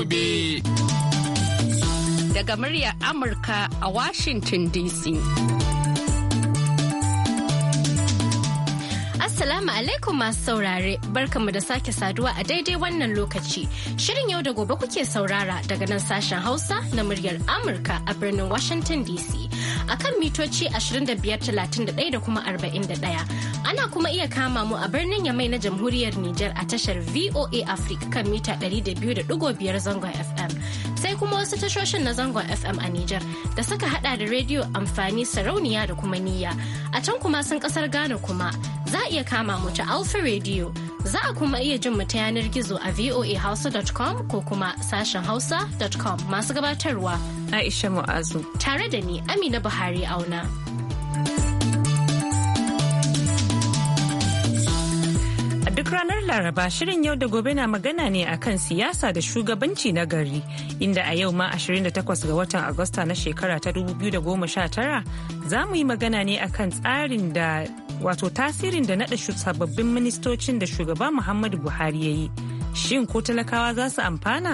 gobe. Daga muryar Amurka a Washington DC. Assalamu alaikum masu saurare, barkanmu da sake saduwa a daidai wannan lokaci. Shirin yau da gobe kuke saurara daga nan sashen Hausa na muryar Amurka a birnin Washington DC. a kan mitoci 2531 da kuma 41. Ana kuma iya kama mu a birnin Yamai na jamhuriyar Nijar a tashar VOA Africa kan mita 200.5 zangon FM. kuma wasu tashoshin na zangon FM a Nijar da suka hada da rediyo amfani sarauniya da kuma niyya. A can kuma sun kasar Ghana kuma za a iya kama mu ta Alpha Radio. Za a kuma iya jin mu ta yanar gizo a voahausa.com ko kuma sashen hausa.com masu gabatarwa. Aisha Mu'azu. Tare da ni Amina Buhari auna. ranar Laraba shirin yau da gobe na magana ne akan siyasa da shugabanci na gari inda a yau ma 28 ga watan Agusta na shekara ta 2019 za mu yi magana ne akan tsarin da wato tasirin da naɗa sababbin ministocin da shugaba Muhammadu Buhari ya yi. Shin ko talakawa za su amfana?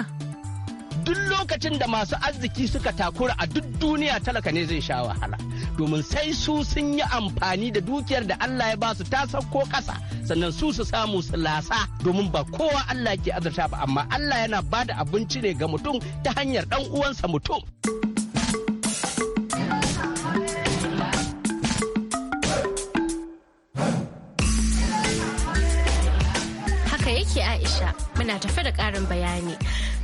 duk lokacin da masu arziki suka takura a duk duniya talaka ne zai sha wahala domin sai su sun yi amfani da dukiyar da Allah ya ba su ta sauko ƙasa sannan su su samu su lasa domin ba kowa Allah ke azurta ba amma Allah yana ba da abinci ne ga mutum ta hanyar ɗan uwansa mutum. Haka yake Aisha muna tafi da ƙarin bayani.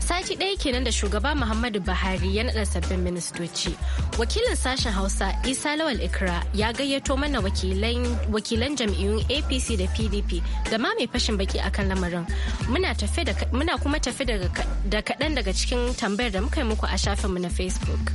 Sati ɗaya kenan da shugaba Muhammadu Buhari ya naɗa sabbin ministoci. Wakilin sashen Hausa Isa Lawal Ikra ya gayyato mana wakilan jam'iyyun APC da PDP da ma mai fashin baki akan lamarin. Muna kuma tafi da kaɗan daga cikin tambayar da muka yi muku a shafinmu na Facebook.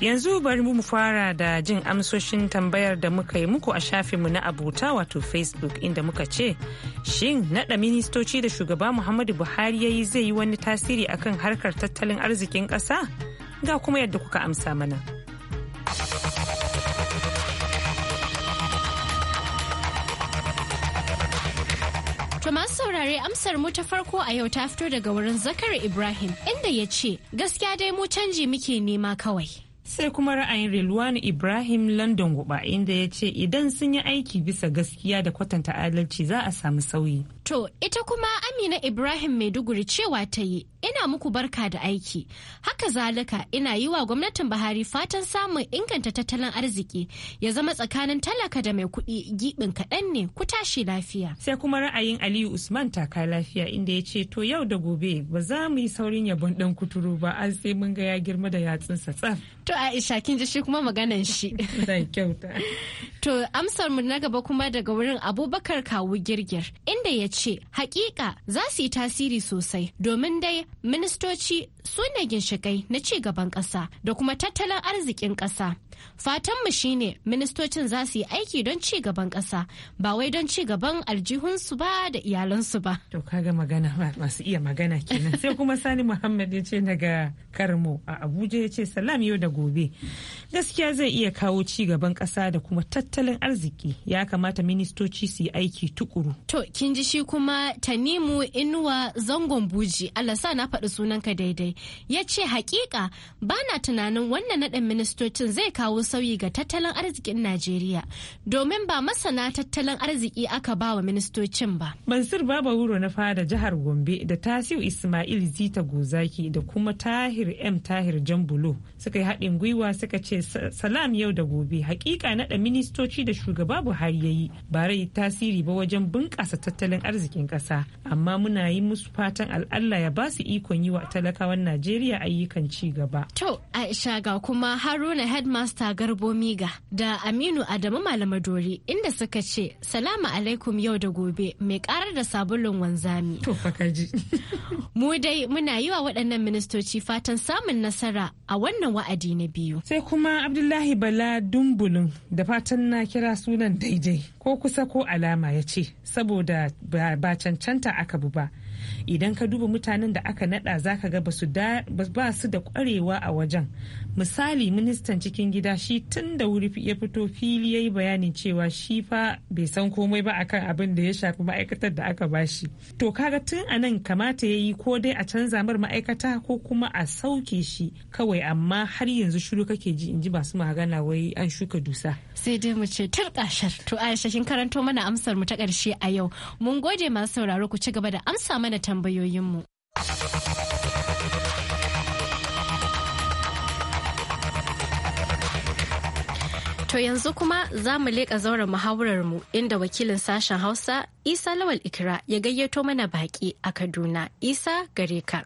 yanzu bari mu fara da jin amsoshin tambayar da muka yi muku a shafinmu na abota wato facebook inda muka ce shin naɗa ministoci da shugaba muhammadu buhari ya yi zai yi wani tasiri akan harkar tattalin arzikin ƙasa ga kuma yadda kuka amsa mana To masu saurare amsar mu ta farko a yau ta fito daga wurin Zakar Ibrahim inda ya ce gaskiya dai mu canji muke nema kawai. Sai kuma ra'ayin Rilwan Ibrahim London Guba inda ya ce idan sun yi aiki bisa gaskiya da kwatanta adalci za a samu sauyi. To, ita kuma Amina Ibrahim Maiduguri cewa ta yi, ina muku barka da aiki. Haka zalika ina yi wa gwamnatin Buhari fatan samun inganta tattalin arziki ya zama tsakanin talaka da mai kuɗi giɓin kaɗan ne ku tashi lafiya. Sai kuma ra'ayin Aliyu Usman taka lafiya inda ya ce to yau da gobe ba za mu yi saurin yabon ɗan kuturu ba an sai mun ga ya girma da yatsunsa tsaf. To Aisha kin ji shi kuma maganan shi. Zan kyauta. To amsar mu na gaba kuma daga wurin Abubakar Kawu Girgir inda ya ce ce hakika za su yi tasiri sosai domin dai ministoci su ne ginshikai na cigaban gaban ƙasa da kuma tattalin arzikin ƙasa. Fatanmu shine ministocin za su yi aiki don ci gaban ƙasa ba wai don cigaban aljihunsu ba da iyalansu ba. To kaga magana masu iya magana kenan sai kuma Sani Muhammad ya ce daga Karmo a Abuja ya ce salam yau da gobe. Gaskiya zai iya kawo cigaban gaban ƙasa da kuma tattalin arziki ya kamata ministoci su yi aiki tukuru. To kin ji shi kuma Tanimu Inuwa Zangon Buji, Allah sa na faɗi sunanka daidai, ya ce hakika ba na tunanin wannan naɗin ministocin zai kawo sauyi ga tattalin arzikin Najeriya, domin ba masana tattalin arziki aka ba wa ministocin ba. Mansur Baba Wuro na fada jihar Gombe da Tasiu Ismail Zita Gozaki da kuma Tahir M Tahir Jambulo suka yi haɗin gwiwa suka ce salam yau da gobe hakika naɗa ministoci da shugaba Buhari ya yi ba rai tasiri ba wajen bunƙasa tattalin arziki. arzikin ƙasa amma muna yi musu fatan al'alla ya ba su ikon yi wa talakawan najeriya ayyukan ci gaba to aisha ga kuma haruna headmaster garbo miga da aminu adamu malamadori inda suka ce salamu alaikum yau da gobe mai karar da sabulun wanzami to fakaji mu dai muna yi wa waɗannan ministoci fatan samun nasara a wannan wa'adi na biyu sai kuma abdullahi bala dumbulun da fatan na kira sunan daidai ko kusa ko alama ya ce saboda ba cancanta aka bi ba idan ka duba mutanen da aka nada zaka ga ba su da kwarewa a wajen misali ministan cikin gida shi tun da wuri ya fito fili ya yi bayanin cewa shi fa bai san komai ba akan abin da ya shafi ma'aikatar da aka bashi to kaga tun a nan kamata ya yi ko dai a canza mar ma'aikata ko kuma a sauke shi kawai amma har yanzu shiru kake ji in ji masu magana wai an shuka dusa sai dai mu ce tun kashar to aisha kin karanto mana amsar mu ta karshe a yau mun gode masu sauraro ku ci gaba da amsa mana tambayoyin mu To yanzu kuma za mu leƙa zauren muhawararmu inda wakilin sashen Hausa Isa Lawal Ikra ya gayyato mana baƙi a Kaduna. Isa gare ka.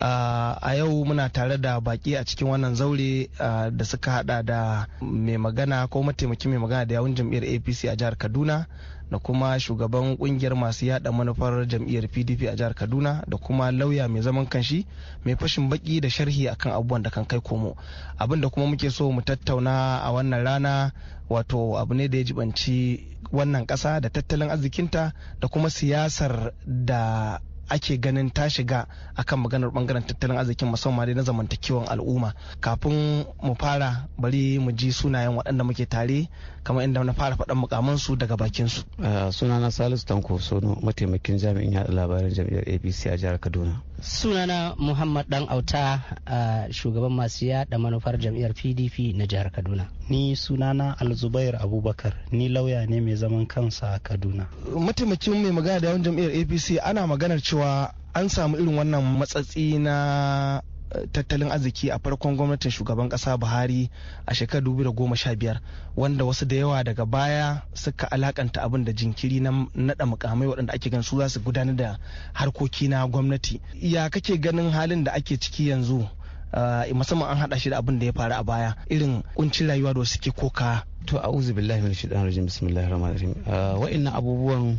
a yau muna tare da baƙi a cikin wannan zaure da suka hada da mai magana ko mataimakin mai magana da yawun jam'iyyar apc a jihar kaduna da kuma shugaban kungiyar masu yada manufar jam'iyyar pdp a jihar kaduna da kuma lauya mai zaman kanshi mai fashin baki da sharhi akan abubuwan da kan kai komo abin da kuma muke so mu tattauna a wannan rana wato abu ne da ya jibanci wannan kasa da tattalin arzikinta da kuma siyasar da ake ganin ta shiga akan maganar bangaren tattalin arzikin musamman na zamantakewan al'umma kafin mu fara bari mu ji sunayen waɗanda muke tare kamar inda na fara faɗan mukaman su daga bakin su ah, sunana salisu tanko sono mataimakin jami'in yaɗa labarin jam'iyyar A.B.C a jihar kaduna sunana muhammad dan auta shugaban masu yada manufar jam'iyyar pdp na jihar kaduna ni sunana alzubair abubakar ni lauya ne mai zaman kansa a kaduna mataimakin mai magana da yawan jam'iyyar apc ana maganar cewa an samu irin wannan matsatsi na tattalin arziki a farkon gwamnatin shugaban kasa buhari a shekarar 2015 wanda wasu da yawa daga baya suka alakanta abin da jinkiri na naɗa mukamai waɗanda ake gan su za su gudanar da harkoki na gwamnati ya kake ganin halin da ake ciki yanzu eh, musamman an haɗa shi da abin da ya faru a baya irin kuncin rayuwa da suke koka to uzu billahi min shaitanir rajim bismillahir rahmanir rahim eh, wa'annan abubuwan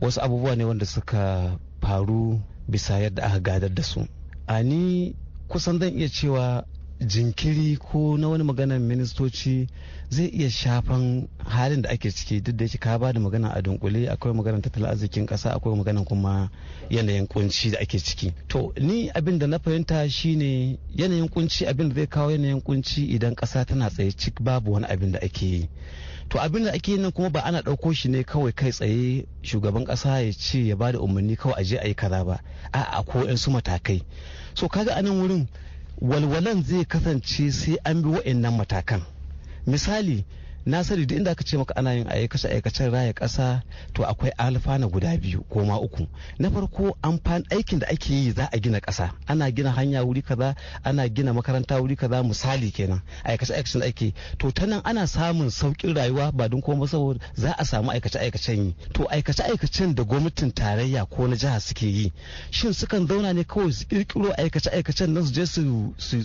wasu abubuwa ne wanda suka faru bisa yadda aka gadar da su ani. kusan zan iya cewa jinkiri ko na wani maganar ministoci zai iya shafan halin da ake ciki duk da yake ka ba da magana a dunkule akwai maganar tattalin arzikin kasa akwai maganar kuma yanayin kunci da ake ciki to ni abin da na fahimta shine yanayin kunci abin da zai kawo yanayin kunci idan kasa tana tsaye cik babu wani abin da ake yi to abin da ake nan kuma ba ana ɗauko shi ne kawai kai tsaye shugaban ƙasa ya ce ya ba da umarni kawai a je a yi kaza ba a a ko su matakai so kaga anan wurin walwalan zai kasance sai an bi wa'annan matakan misali na sani duk inda aka ce maka ana yin aikace aikacen raya kasa to akwai alfana guda biyu ko uku na farko amfani aikin da ake yi za a gina kasa ana gina hanya wuri kaza ana gina makaranta wuri kaza misali kenan aikace aikacen ake to ta nan ana samun saukin rayuwa ba don koma saboda za a samu aikace aikacen yi to aikace aikacen da gwamnatin tarayya ko na jiha suke yi shin sukan zauna ne kawai su kirkiro aikace aikacen nan su je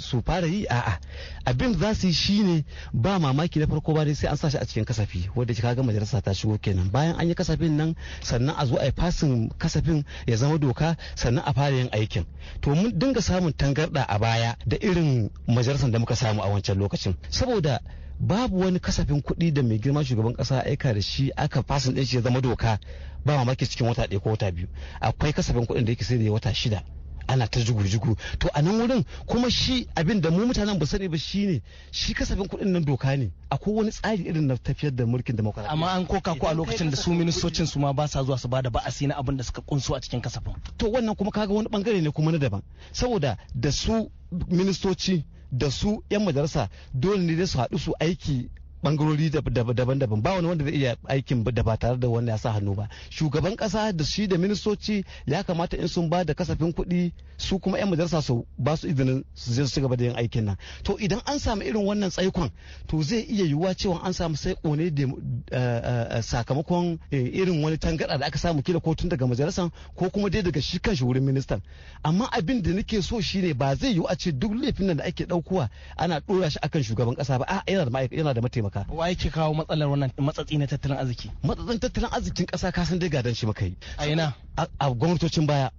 su fara yi a'a abin za su yi shine ba mamaki na farko ba dai sai an sa shi a cikin kasafi wanda ka ga majalisa ta shigo kenan bayan an yi kasafin nan sannan a zo a yi fasin kasafin ya zama doka sannan a fara yin aikin to mun dinga samun tangarda a baya da irin majalisar da muka samu a wancan lokacin saboda babu wani kasafin kuɗi da mai girma shugaban ƙasa aika da shi aka fasin ɗin shi ya zama doka ba mamaki cikin wata ɗaya ko wata biyu akwai kasafin kuɗin da yake sai da wata shida ana ta jugu-jugu to a nan wurin kuma shi abin da mu mutanen ba sani ba shi ne shi kasafin kuɗin nan doka ne akwai wani tsari irin na tafiyar da mulkin demokradiyya amma an koka ko a lokacin da su ministocin su ma ba sa zuwa su ba da ba'asi na abin da suka kunsu a cikin kasafin to wannan kuma kaga wani bangare ne kuma na daban saboda da su ministoci da su 'yan majalisa dole ne dai su haɗu su aiki bangarori daban-daban ba wani wanda zai iya aikin da ba tare da wani ya sa hannu ba shugaban kasa da shi da ministoci ya kamata in sun ba da kasafin kuɗi su kuma 'yan majalisa su ba su izinin su je su gaba da yin aikin nan to idan an samu irin wannan tsaikon to zai iya yiwuwa cewa an samu sai kone da eh, eh, sakamakon eh, irin wani tangada da aka samu kila ko tun daga majalisan ko kuma dai daga shi kan wurin ministan amma abin da nake so shine ba zai yiwu a ce duk laifin nan da ake ɗaukowa ana ɗora shi akan shugaban kasa ba a yana da mataimaka haka. wa yake kawo matsalar wannan matsatsi na tattalin arziki matsatsin tattalin arzikin ƙasa ka san dai gadan shi muka yi a ina a gwamnatocin baya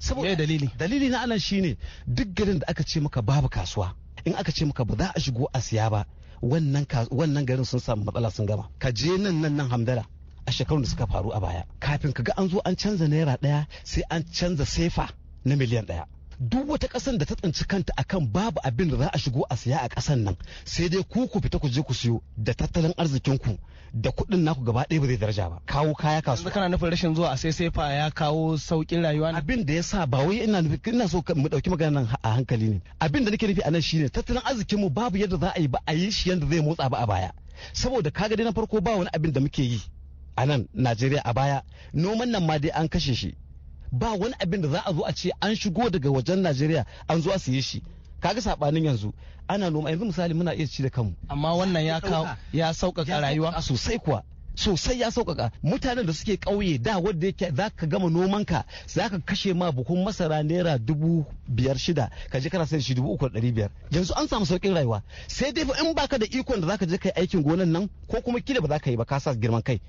saboda dalili dalili na anan shine duk garin da aka ce maka babu kasuwa in aka ce maka ba za a shigo a siya ba wannan garin sun samu matsala sun gama ka je nan nan nan hamdala a shekarun da suka faru a baya kafin ka ga an zo an canza naira ɗaya sai an canza sefa na miliyan ɗaya duk wata ƙasar da ta tsinci kanta akan babu abin da za a shigo a siya a ƙasar nan sai dai ku ku fita ku je ku siyo da tattalin arzikin ku da kuɗin naku gaba ɗaya ba zai daraja ba kawo kaya kasuwa kana nufin rashin zuwa a sai sai fa ya kawo sauƙin rayuwa abin da ya sa ba wai ina nufin ina so mu ɗauki magana nan a hankali ne abin da nake nufi a nan shine tattalin arzikin mu babu yadda za a yi ba a yi shi yadda zai motsa ba a baya saboda kaga dai na farko ba wani abin da muke yi a nan Najeriya a baya noman nan ma dai an kashe shi ba wani abin da za a zo a ce an shigo daga wajen najeriya an zo a saye shi kaga saɓanin yanzu ana noma yanzu misali muna iya ci da kanmu amma wannan ya ya sauƙaƙa rayuwa sosai kuwa sosai ya sauƙaƙa mutanen da suke ƙauye da wanda yake za ka gama noman ka za ka kashe ma buhun masara naira dubu biyar shida ka je kana sayan shi dubu uku da ɗari biyar yanzu an samu sauƙin rayuwa sai dai in baka da ikon da za ka je kai aikin gonan nan ko kuma kila ba za ka yi ba ka sa girman kai.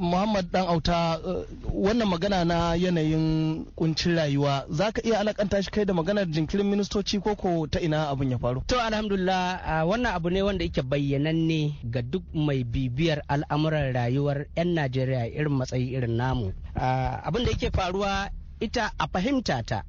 Muhammad Dan Auta eh, wannan magana na yanayin kuncin rayuwa za ka iya alakanta shi kai da maganar jinkirin ministoci ko ko ta ina abin ya faru. To alhamdulillah wannan abu ne wanda yake bayyananne ga duk mai bibiyar al'amuran rayuwar 'yan najeriya irin matsayi irin namu ah, abin da yake faruwa ita a fahimta ta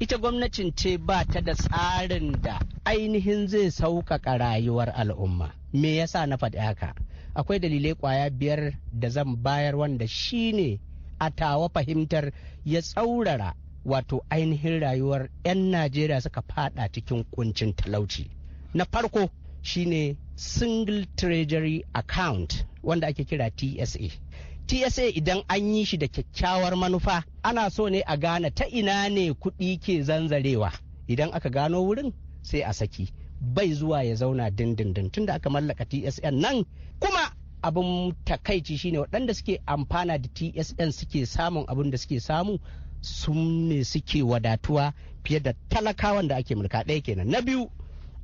ita gwamnatin ce ba ta da tsarin da ainihin zai sauƙaƙa rayuwar al'umma me yasa na faɗi haka akwai dalilai kwaya biyar da zan bayar wanda shine a tawa fahimtar ya tsaurara wato ainihin rayuwar 'yan najeriya suka faɗa cikin kuncin talauci na farko shine single treasury account wanda ake kira tsa tsa idan an yi shi da kyakkyawar manufa ana so ne a gane ta ina ne kuɗi ke zanzarewa idan aka gano wurin sai a saki bai zuwa ya zauna dindindin tunda aka mallaka tsn nan kuma abin takaici shine waɗanda suke amfana da tsn suke samun abin da suke samu sun ne suke wadatuwa fiye da talakawan da ake mulka ɗaya kenan na biyu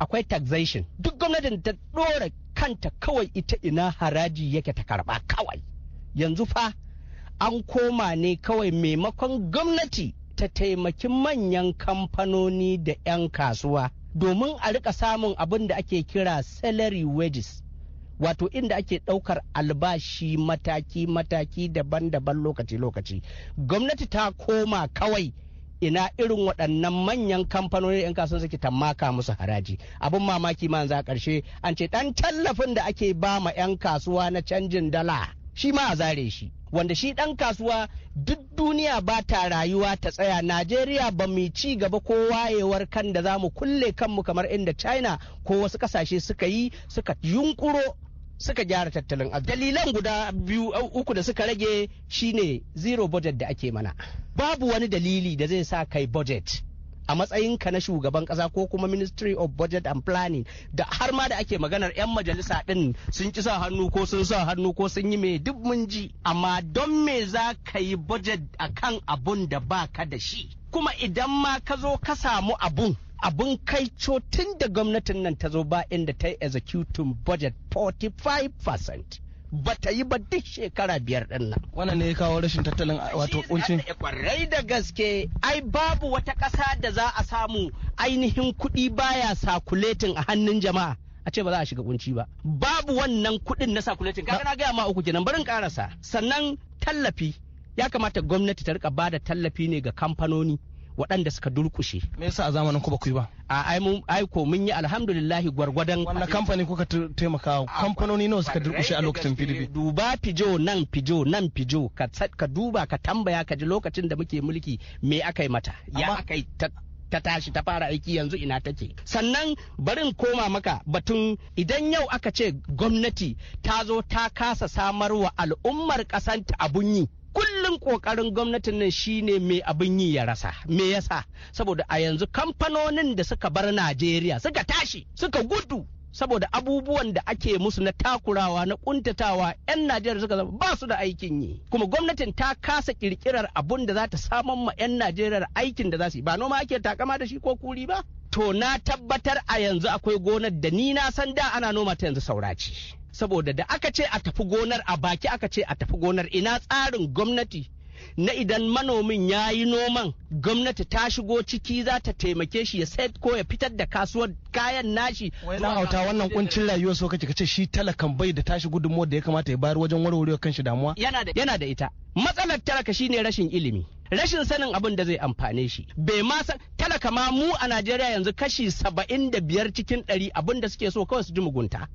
akwai taxation duk gwamnatin ta ɗora kanta kawai ita ina haraji yake ta karba kawai yanzu fa an koma ne kawai maimakon gwamnati ta taimaki manyan kamfanoni da 'yan kasuwa domin a rika samun abin da ake kira salary wages wato inda ake ɗaukar albashi mataki-mataki daban-daban lokaci-lokaci gwamnati ta koma kawai ina irin waɗannan manyan kamfanoni 'yan kasuwa suke tammaka musu haraji abun mamaki ma za ƙarshe an ce ɗan tallafin da ake ba ma 'yan kasuwa na canjin dala shi ma zare shi wanda shi ɗan kasuwa duk duniya ba ta rayuwa ta tsaya najeriya ba mu ci gaba ko wayewar kan da za mu kulle kanmu kamar inda china ko wasu ƙasashe suka yi suka yunkuro suka gyara tattalin arziki dalilan guda biyu uku da suka rage shine zero budget da ake mana babu wani dalili da zai sa kai budget a matsayin ka na shugaban kasa ko kuma ministry of budget and planning da har ma da ake maganar 'yan majalisa din sun ci sa hannu ko sun sa hannu ko sun yi mai duk mun ji amma don me za ka yi budget akan abun da ba ka da shi kuma idan ma ka zo ka samu abun abun kai tun da gwamnatin nan ta zo ba inda ta yi executing budget 45% ba ta yi ba duk shekara biyar din nan. Wannan ne ya kawo rashin tattalin wato kuncin. Kwarai da gaske ai babu wata ƙasa da za a samu ainihin kuɗi baya sakuletin a hannun jama'a. a ce ba za a shiga kunci ba babu wannan kuɗin na sakuletin kaga na gaya ma uku kenan barin karasa sannan tallafi ya kamata gwamnati ta rika bada tallafi ne ga kamfanoni waɗanda suka durkushe me yasa a zamanin ku ba ku yi ba a ai mun ai ko mun yi alhamdulillah gwargwadon wanda kamfani kuka taimaka kamfanoni nawa suka durkushe a lokacin PDP duba fijo nan fijo nan fijo ka duba ka tambaya ka ji lokacin da muke mulki me aka yi mata ya aka yi ta tashi ta fara aiki yanzu ina take sannan barin koma maka batun idan yau aka ce gwamnati ta zo ta kasa samarwa al'ummar kasanta abun yi kullum kokarin gwamnatin nan shine mai abin yi ya rasa me yasa saboda a yanzu kamfanonin da suka bar Najeriya suka tashi suka gudu saboda abubuwan da ake musu na takurawa na kuntatawa 'yan najeriya suka zama ba su da aikin yi kuma gwamnatin ta kasa kirkirar abun da za ta saman ma 'yan najeriya aikin da za su yi ba noma ake takama da shi ko kuri ba to na tabbatar a yanzu akwai gonar da ni na san da ana noma ta yanzu sauraci saboda da aka ce a tafi gonar a baki aka ce a tafi gonar ina tsarin gwamnati na idan manomin ya yi noman gwamnati ta shigo ciki za ta taimake shi ya sayar ko ya fitar da kasuwar kayan nashi. na hauta wannan kuncin rayuwar so kake kace shi talakan bai da tashi gudunmuwar da ya kamata ya bayar wajen warwarewa kanshi damuwa. yana da ita matsalar talaka ne rashin ilimi. rashin sanin abin da zai amfane shi bai ma san talaka ma mu a najeriya yanzu kashi saba'in da biyar cikin ɗari abin da suke so kawai su ji mugunta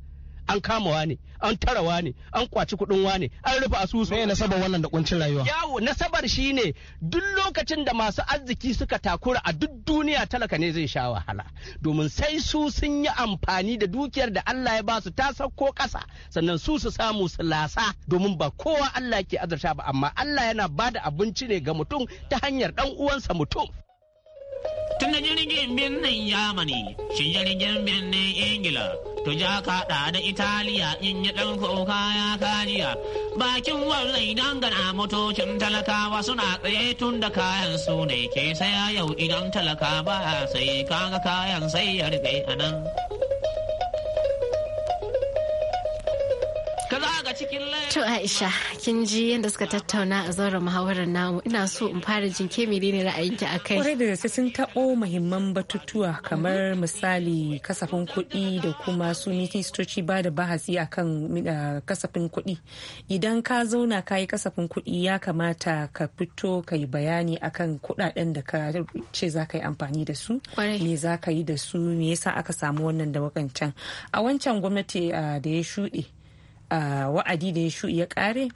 an kama wane an tara wane an kwaci kuɗin wane an rufe asusu me nasabar wannan da kuncin rayuwa yawo nasabar shine duk lokacin da masu arziki suka takura a duk duniya talaka ne zai sha wahala domin sai su sun yi amfani da dukiyar da Allah ya ba su ta sauko ƙasa sannan su su samu su lasa domin ba kowa Allah ke azurta ba amma Allah yana bada abinci ne ga mutum ta hanyar dan uwansa mutum tun da jirgin birnin yamani shi jirgin birnin ingila to ja kaɗa da italiya in yi ɗauko kaya kariya bakin wallai dangana motocin talakawa suna tsaye tun da kayan su ne ke saya yau idan talaka ba sai kaga kayan sai ya rufe anan. To Aisha, kin ji yadda suka tattauna a zauren muhawarar namu ina so in fara jinke menene ra'ayinki a kai. Kwarai da gaske sun taɓo muhimman batutuwa kamar misali kasafin kuɗi da kuma su ministoci ba da bahasi akan kasafin kuɗi. Idan ka zauna ka yi kasafin kuɗi ya kamata ka fito ka yi bayani akan kuɗaɗen da ka ce za ka yi amfani da su. Me za ka yi da su me yasa aka samu wannan da wakancan. A wancan gwamnati da ya shuɗe wa'adi da ya shu ya kare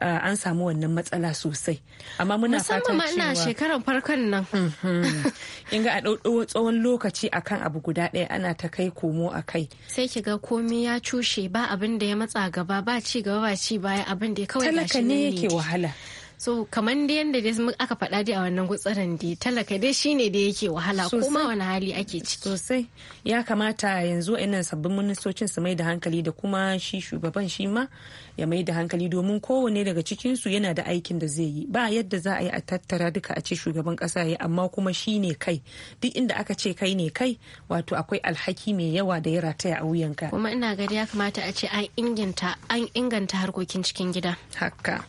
an samu wannan matsala sosai amma muna fatan cewa musamman shekarar farkon nan mhm. in ga a tsawon lokaci akan abu guda ɗaya ana ta kai komo a kai sai ki ga komai ya cushe ba abin da ya matsa gaba ba ci gaba ba ci baya abin da ya kawai talaka ne yake wahala so kamar da yadda dai aka faɗa dai a wannan gutsaran dai talaka dai shine da yake wahala kuma wani hali ake ciki sosai ya kamata yanzu wa'annan sabbin ministocin su mai da hankali da kuma shi shugaban shi ma ya mai da hankali domin kowanne daga cikin su yana da aikin da zai yi ba yadda za a yi a tattara duka a ce shugaban kasa ya amma kuma shi ne kai duk inda aka ce kai ne kai wato akwai alhaki mai yawa da ya rataya a wuyan ka. kuma ina gari ya kamata a ce an inganta an inganta harkokin cikin gida haka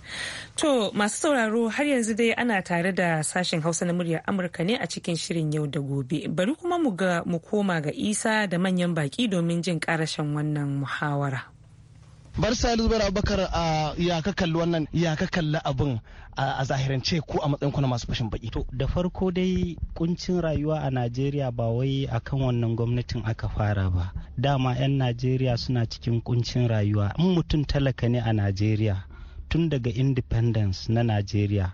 To masu sauraro har yanzu dai ana tare da sashen Hausa na muryar Amurka ne a cikin shirin yau da gobe. Bari kuma mu ga mu koma ga Isa da manyan baki domin jin karashen wannan muhawara. Bar Salisu Bara Abubakar a ya ka kalli wannan ya ka kalli abin a zahirance ko a matsayin kuna masu fashin baki. To da farko dai kuncin rayuwa a Najeriya ba wai akan wannan gwamnatin aka fara ba. Dama 'yan Najeriya suna cikin kuncin rayuwa. In mutum talaka ne a Najeriya tun daga independence na najeriya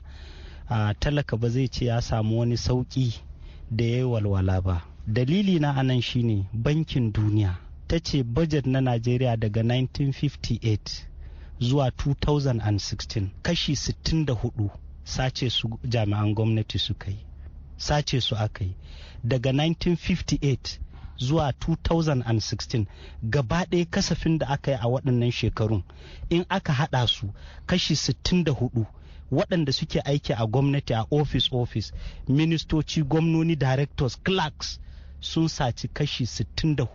a talaka ba zai ce ya samu wani sauƙi da ya yi walwala ba dalili na anan shine bankin duniya ta ce budget na najeriya daga 1958 zuwa 2016 kashi 64 sace su jami'an gwamnati suka yi sace su aka yi daga 1958 zuwa 2016 gaba ɗaya kasafin da aka yi a waɗannan shekarun in aka haɗa su kashi 64 waɗanda suke aiki a gwamnati a office office ministoci gwamnoni directors clerks sun saci kashi 64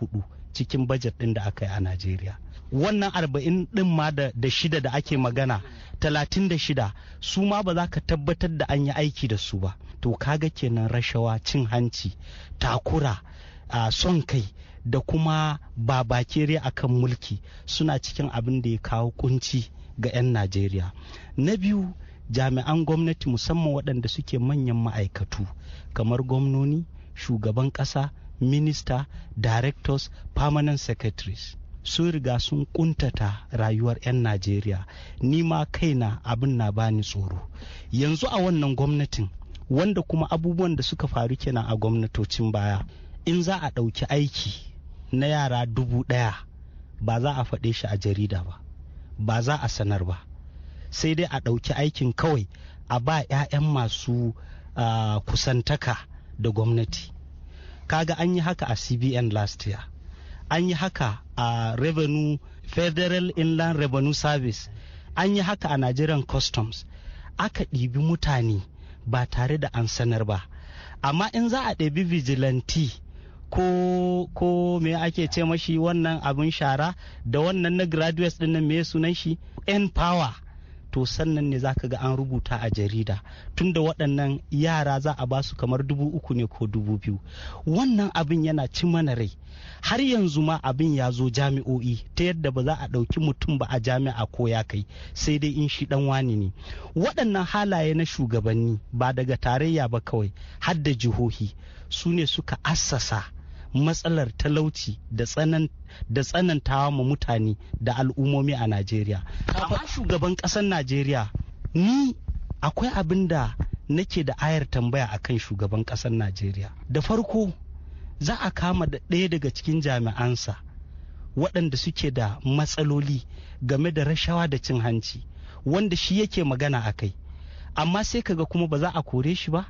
cikin bajet ɗin da aka yi a najeriya wannan 40 ɗin ma da shida da ake magana 36 su ma ba za ka tabbatar da an yi aiki da su ba to kaga kenan rashawa cin hanci takura a son kai da kuma babakere kan mulki suna cikin abin da ya kawo kunci ga 'yan najeriya na biyu jami'an gwamnati musamman waɗanda suke manyan ma'aikatu kamar gwamnoni shugaban ƙasa minista directors permanent secretaries sun riga sun kuntata rayuwar 'yan najeriya ni ma kaina abin na bani tsoro yanzu a wannan gwamnatin wanda kuma abubuwan da suka faru kenan a gwamnatocin baya in za a ɗauki aiki na yara dubu ɗaya ba za a faɗe shi a jarida ba ba za a sanar ba sai dai a ɗauki aikin kawai a ba 'ya'yan masu kusantaka da gwamnati kaga an yi haka a cbn last year an yi haka a revenue federal inland revenue service an yi haka a nigerian customs aka ɗibi mutane ba tare da an sanar ba amma in za a ɗabi vigilante ko ko me ake ce mashi wannan abin shara da wannan na graduates din nan me sunan shi n power to sannan ne zaka ga an rubuta a jarida tunda waɗannan yara za a basu kamar dubu uku ne ko dubu biyu wannan abin yana ci mana rai har yanzu ma abin ya zo jami'o'i ta yadda ba za a ɗauki mutum ba a jami'a ko ya kai sai dai in shi ɗan wani ne waɗannan halaye na shugabanni ba daga tarayya ba kawai har da jihohi su ne suka assasa matsalar talauci da tsanan tsanantawa ma mutane da al'ummomi a Najeriya. Amma shugaban ƙasar Najeriya ni akwai abin da nake da ayar tambaya a kan shugaban ƙasar Najeriya. Da farko za a kama da ɗaya daga cikin jami'ansa waɗanda suke da matsaloli game da rashawa da cin hanci wanda shi yake magana a kai. Amma sai kaga kuma ba za a kore shi ba,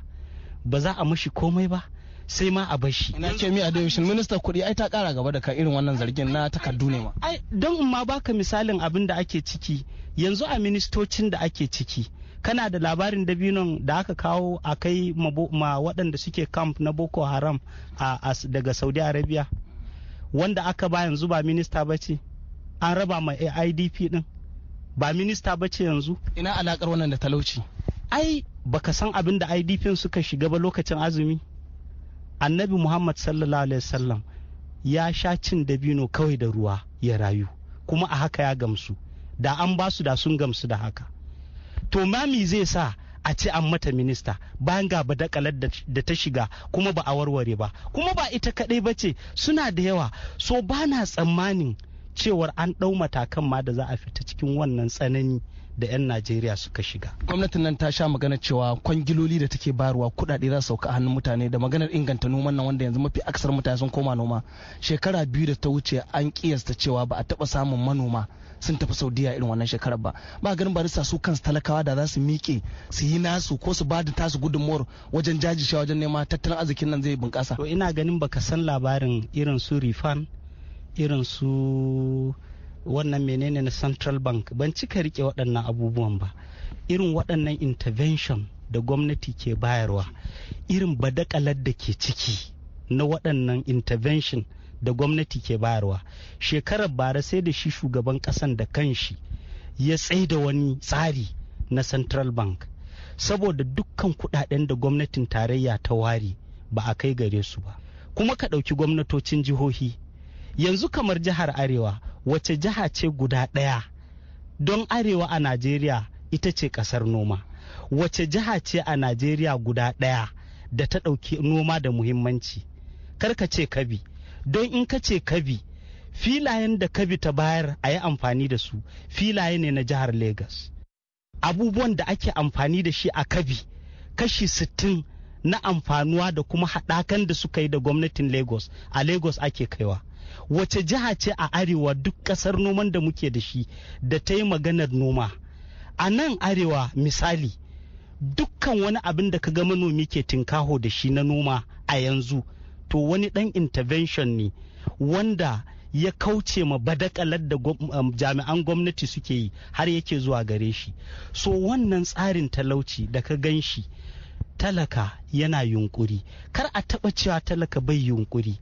ba za a mashi komai ba. sai ma a bashi ina ce mi a dawishin minista kuɗi ai ta kara gaba da ka irin wannan zargin na takardu ne ma ai don in ma baka misalin abin da ake ciki yanzu a ministocin da ake ciki kana da labarin dabinon da aka kawo a kai ma waɗanda suke camp na boko haram daga saudi arabia wanda aka ba yanzu ba minista ba ce an raba ma aidp din ba minista ba ce yanzu ina alakar wannan da talauci ai baka san abin da idp suka shiga ba lokacin azumi annabi muhammad sallallahu alaihi wasallam ya sha cin dabino kawai da ruwa ya rayu kuma a haka ya gamsu da an ba su da sun gamsu da haka to mami zai sa a ce an mata minista bayan ga ba badakalar da ta shiga kuma ba a warware ba kuma ba ita kadai ba ce suna da yawa so ba na tsammanin cewar an ɗau matakan ma da za a fita cikin wannan tsanani da 'yan najeriya suka shiga gwamnatin nan ta sha magana cewa kwangiloli da take bayarwa kuɗaɗe za sauka a hannun mutane da maganar inganta noman nan wanda yanzu mafi aksar mutane sun koma noma shekara biyu da ta wuce an kiyasta cewa ba a taɓa samun manoma sun tafi saudiya irin wannan shekarar ba ba ganin barista su kansu talakawa da za su miƙe su yi nasu ko su bada tasu gudunmuwar wajen jajisha wajen nema tattalin arzikin nan zai bunƙasa to ina ganin baka san labarin irin su rifan irin su wannan menene na central bank ban cika rike waɗannan abubuwan ba irin waɗannan intervention da gwamnati ke bayarwa irin badakalar da ke ciki na waɗannan intervention da gwamnati ke bayarwa shekarar bara sai da shi shugaban ƙasan da kanshi ya tsaida wani tsari na central bank saboda dukkan kudaden da gwamnatin tarayya ta ware ba a kai gare su ba kuma ka ɗauki gwamnatocin jihohi yanzu kamar jihar arewa wace jiha ce guda ɗaya don arewa a najeriya ita ce ƙasar noma wace jiha ce a najeriya guda ɗaya da ta ɗauki noma da muhimmanci karka ce kabi don in ka ce kabi filayen da kabi ta bayar a yi amfani da su filaye ne na jihar lagos abubuwan da ake amfani da shi a kabi kashi sittin na amfanuwa da kuma haɗakan da suka yi da gwamnatin lagos a lagos ake kaiwa wace jiha ce a arewa duk kasar noman da muke da shi da ta yi maganar noma a nan arewa misali dukkan wani abin da ka ga manomi ke tinkaho da shi na noma a yanzu to wani dan intervention ne wanda ya kauce ma badakalar da um, jami'an gwamnati suke yi har yake zuwa gare shi so wannan tsarin talauci da ka gan shi talaka yana yunkuri kar a taba cewa talaka bai yunkuri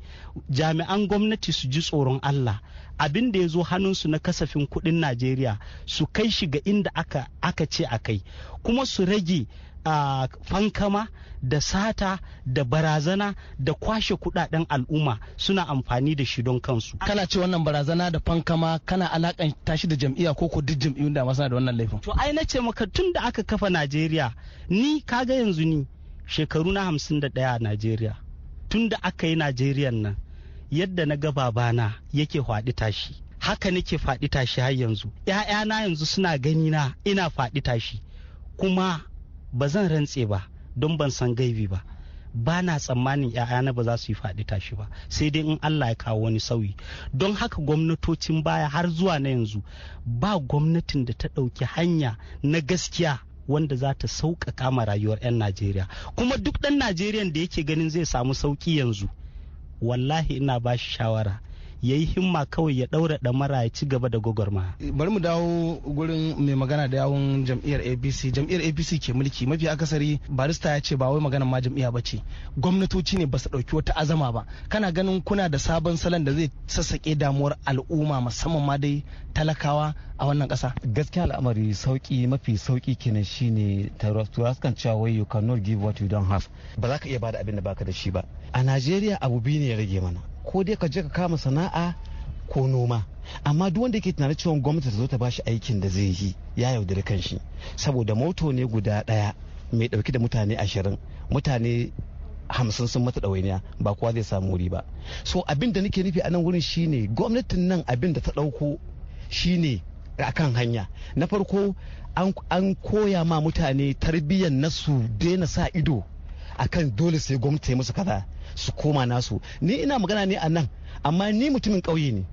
jami'an gwamnati su ji tsoron Allah abin da ya zo hannunsu na kasafin kudin Najeriya su kai shi ga inda aka, ce a kai kuma su rage a fankama da sata da barazana da kwashe kudaden al'umma suna amfani da shi don kansu kana ce wannan barazana da fankama kana alakan tashi da jam'iyya ko ko duk jam'iyyun da masana da wannan laifin to ai na ce maka tun da aka kafa Najeriya ni kaga yanzu ni shekaru na hamsin da ɗaya a Najeriya tun da aka yi Najeriya nan yadda na ga babana yake faɗi tashi haka nake faɗi tashi har yanzu ‘ya'yana yanzu suna gani na ina faɗi tashi kuma ba zan rantse ba don ban san gaibi ba ba na tsammanin 'ya'yana ba za su yi faɗi tashi ba sai dai in allah ya kawo wani sauyi don haka gwamnatocin baya har zuwa na yanzu ba gwamnatin da ta ɗauki hanya na gaskiya wanda za ta sauƙaƙa ma rayuwar 'yan najeriya kuma duk ɗan najeriyan da yake ganin zai samu sauƙi yanzu wallahi ina ba shi shawara ya yi himma kawai ya ɗaura ɗamara ya ci gaba da gwagwarma. bari mu dawo gurin mai magana da yawun jam'iyyar apc jam'iyyar apc ke mulki mafi akasari barista ya ce ba wai magana ma jam'iyya ba ce gwamnatoci ne ba su ɗauki wata azama ba kana ganin kuna da sabon salon da zai sassaƙe damuwar al'umma musamman ma dai talakawa a wannan ƙasa. gaskiya al'amari sauki mafi sauki kenan shine turawa cewa wai you cannot give what you don't have ba za ka iya bada abin da baka da shi ba a najeriya abu biyu ne ya rage mana ko dai ka je ka kama sana'a ko noma amma duk wanda yake tunanin cewa gwamnati ta zo ta bashi aikin da zai yi ya yaudari shi saboda moto ne guda daya mai dauke da mutane ashirin mutane hamsin sun mata ɗawainiya ba kowa zai samu wuri ba so abin da nake nufi a nan wurin shine gwamnatin nan abin da ta ɗauko shine akan hanya na farko an koya ma mutane tarbiyyar nasu daina sa ido akan dole sai gwamnati ya musu kaza su koma nasu ni ina magana ne a nan amma ni mutumin ƙauye ne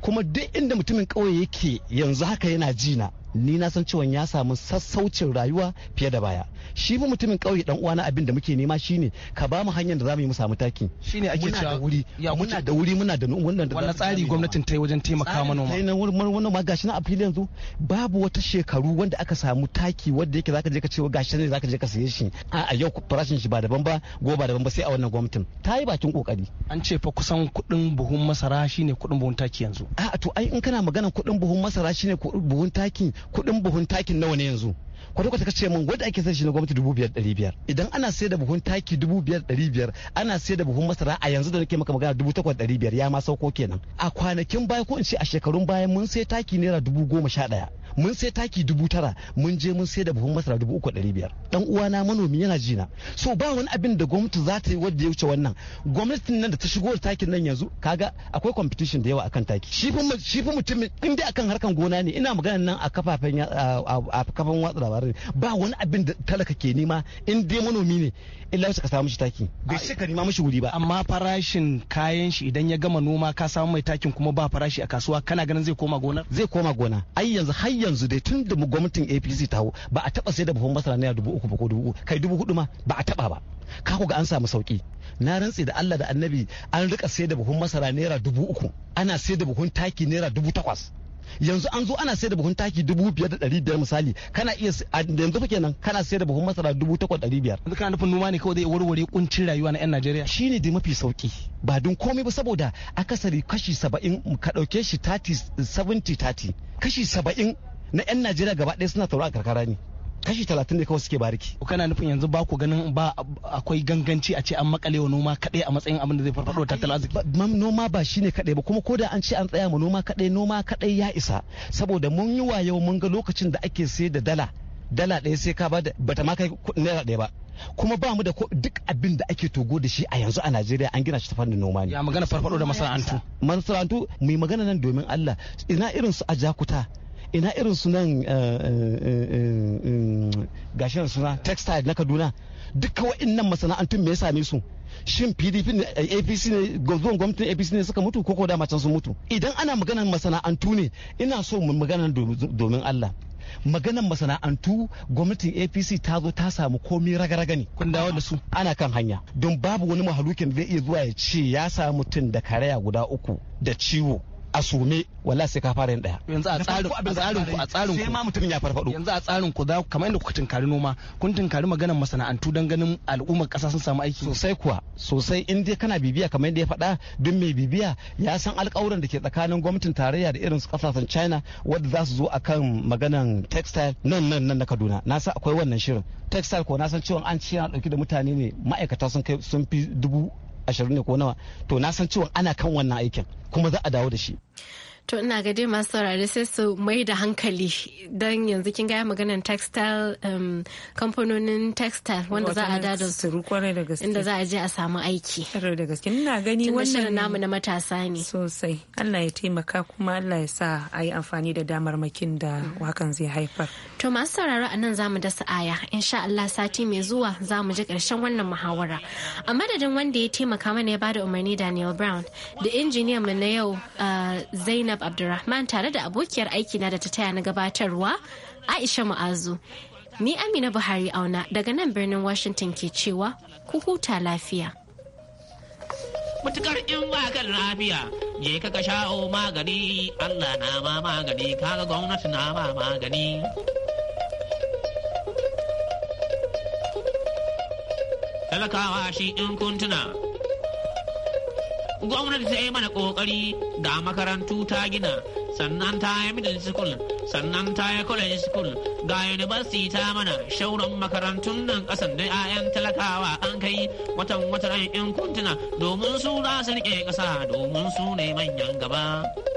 kuma duk inda mutumin ƙauye yake yanzu haka yana jina. ni na san cewa ya samu sassaucin rayuwa fiye da baya shi mu mutumin kauye dan uwana abin da muke nema shine ka ba mu hanyar da zamu yi mu samu taki shine ake cewa wuri muna da wuri muna da wannan wannan tsari gwamnatin ta wajen taimaka manoma sai nan wannan ma gashi na a filin yanzu babu wata shekaru wanda aka samu taki wanda yake zaka je ka ce gashi ne zaka je ka saye shi a yau farashin shi ba daban ba go ba daban ba sai a wannan gwamnatin ta yi bakin kokari an ce fa kusan kuɗin buhun masara shine kuɗin buhun taki yanzu a to ai in kana magana kuɗin buhun masara shine buhun taki kuɗin buhun takin nawa ne yanzu kwata kwata kace min wanda ake shi na gwamnati dubu biyar ɗari biyar idan ana sai da buhun taki dubu biyar ɗari biyar ana sai da buhun masara a yanzu da nake maka magana dubu takwas ɗari biyar ya ma sauko kenan a kwanakin baya ko in ce a shekarun baya mun sai taki naira dubu goma sha ɗaya mun sai taki dubu tara mun je mun sai da buhun masara dubu uku ɗari biyar dan uwana manomi yana jina so ba wani abin da gwamnati za ta yi wadda ya wuce wannan gwamnatin nan da ta shigo da takin nan yanzu kaga akwai competition da yawa akan taki shi fi mutumin in dai akan harkan gona ne ina magana nan a kafafen a kafafen watsa labarai ba wani abin da talaka ke nema in dai manomi ne illa ka samu shi taki bai shi ka nema mishi wuri ba amma farashin kayan shi idan ya gama noma ka samu mai takin kuma ba farashi a kasuwa kana ganin zai koma gona zai koma gona ai yanzu har yanzu dai tun da gwamnatin apc ta hau ba a taba sai da buhun masara naira dubu uku ba ko dubu uku kai dubu hudu ma ba a taba ba ka ga an samu sauki na rantse da allah da annabi an rika sai da buhun masara naira dubu uku ana sai da buhun taki naira dubu takwas yanzu an zo ana sai da buhun taki dubu biyar da ɗari biyar misali kana iya yanzu fa nan kana sai da buhun masara dubu takwas ɗari biyar. yanzu kana nufin noma ne kawai zai warware kuncin rayuwa na 'yan najeriya. shi ne dai mafi sauki ba don komai ba saboda akasari kashi saba'in ka ɗauke shi tati 70 30 kashi saba'in na 'yan najeriya gaba ɗaya suna taura a karkara ne kashi talatin ne kawai suke bariki. kana nufin yanzu ba ku ganin ba akwai ganganci a ce an makale wa noma kaɗai a matsayin abin da zai farfaɗo tattalin arziki. noma ba shi ne kaɗai ba kuma ko da an ce an tsaya ma noma kaɗai noma kaɗai ya isa saboda mun yi wayo mun ga lokacin da ake sayar da dala dala ɗaya sai ka ba da bata ma kai naira ɗaya ba kuma ba mu da duk abin da ake togo da shi a yanzu a Najeriya an gina shi ta fannin noma ne. Ya magana farfaɗo da masana'antu. Masana'antu mu magana nan domin Allah ina irin su a jakuta ina irin sunan eh, eh, eh, gashin suna textile na kaduna duka wa'innan masana'antun me ya same su shin pdp ne apc ne zuwan gwamnatin apc ne suka mutu ko dama can sun mutu idan ana maganar masana'antu ne ina so mu magana domin allah maganar masana'antu gwamnatin apc ta zo ta samu komi raga-raga ne kun dawo da su ana kan hanya don babu wani mahalukin zai iya zuwa ya ce ya samu tun da karaya guda uku da ciwo a sume wala sai ka fara yin daya yanzu a tsarin a tsarin ku a tsarin ku sai ma mutum ya farfado yanzu a tsarin ku za kamar yadda kuka tinkari noma kun tinkari maganar masana'antu dan ganin al'ummar kasa sun samu aiki sosai kuwa sosai in dai kana bibiya kamar yadda ya faɗa duk mai bibiya ya san alƙawuran da ke tsakanin gwamnatin tarayya da irin su kasashen China wadda za su zo akan maganan textile nan nan nan na Kaduna na san akwai wannan shirin textile ko na san cewa an ci yana da mutane ne ma'aikata sun kai sun fi dubu ashirin ne ko nawa to na san cewa ana kan wannan aikin kuma za a dawo da shi To ina ga dai masu saurari sai su mai da hankali don yanzu kin gaya maganan textile um, kamfanonin textile wanda za a da da su inda za a je a samu aiki. Tsaro da gaske ina gani wannan namu na matasa ne. Sosai Allah ya taimaka kuma Allah ya sa a yi amfani da makin da wakan zai haifar. To masu sauraro a nan za mu dasa aya insha Allah sati mai zuwa zamu mu ji karshen wannan muhawara. A madadin wanda ya taimaka mana ya bada umarni Daniel Brown da injiniyan mu na yau uh, Zainab Zainab Abdulrahman tare da abokiyar aikina da ta taya na gabatarwa Aisha Mu'azu. Ni Amina Buhari auna daga nan birnin Washington ke cewa ku huta lafiya. Mutukar in wagan lafiya je ka ka sha'o magani Allah na ma magani kaga gwamnati na ma magani. Talakawa shi in kuntuna. gwamnati ta yi mana kokari ga makarantu ta gina sannan ta yi middle school sannan ta yi college school ga university ta mana shauran makarantun nan kasan da 'ya'yan talakawa an kai watan watan 'yan kuntuna domin su za su rike kasa domin su ne manyan gaba.